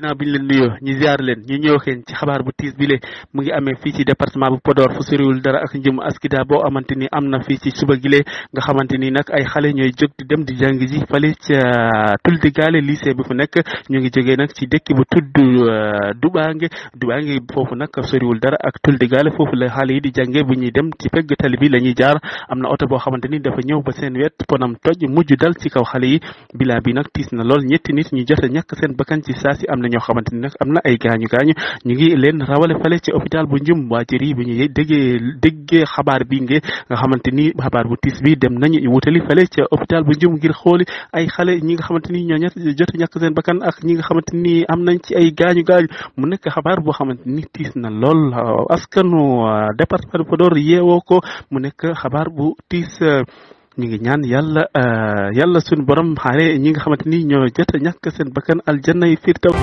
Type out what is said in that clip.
ginnaaw bi ñu leen nuyoo ñu ziar leen ñu ñëw xeen ci xabaar bu tiis bile mu ngi amee fii ci département bu Podor fu soriwul dara ak njëm askida boo amante am na fii ci suba gile nga xamante ni nag ay xale ñooy jóg di dem di jàng ji fale ca euh, Tuldigaale lycée bi fu nekk ñu ngi jógee nag ci dëkk bu tudd euh, Dubaange Dubaange foofu nag dara ak Tuldigaale foofu la xale yi di jànge bu ñuy dem ci pegg tali bi la ñuy jaar am na oto boo xamante ni dafa ñëw ba seen wet ponam toj mujj dal ci kaw xale yi ñoo xamante ni nag am na ay gaañu gaañu ñu ngi leen rawale fale ci hôpital bu njum waa jëri bu ñu déggee déggee xabaar bi nge nga xamante ni xabaar bu tiis bi dem nañu wutali fale ci hôpital bu njum ngir xooli ay xale ñi nga xamante ni ñoo ñett jot ñàkk seen bakkan ak ñi nga xamante ni am nañ ci ay gaañu gaañu mu nekk xabaar boo xamante ni tiis na lool askanu euh, département Podor yeewoo ko mu nekk xabaar bu tiis euh, ñu ngi ñaan yàlla euh, yàlla suñu borom xaare ñi nga xamante ni ñoo jot a ñàkk seen bakkan aljanna yi fiir taw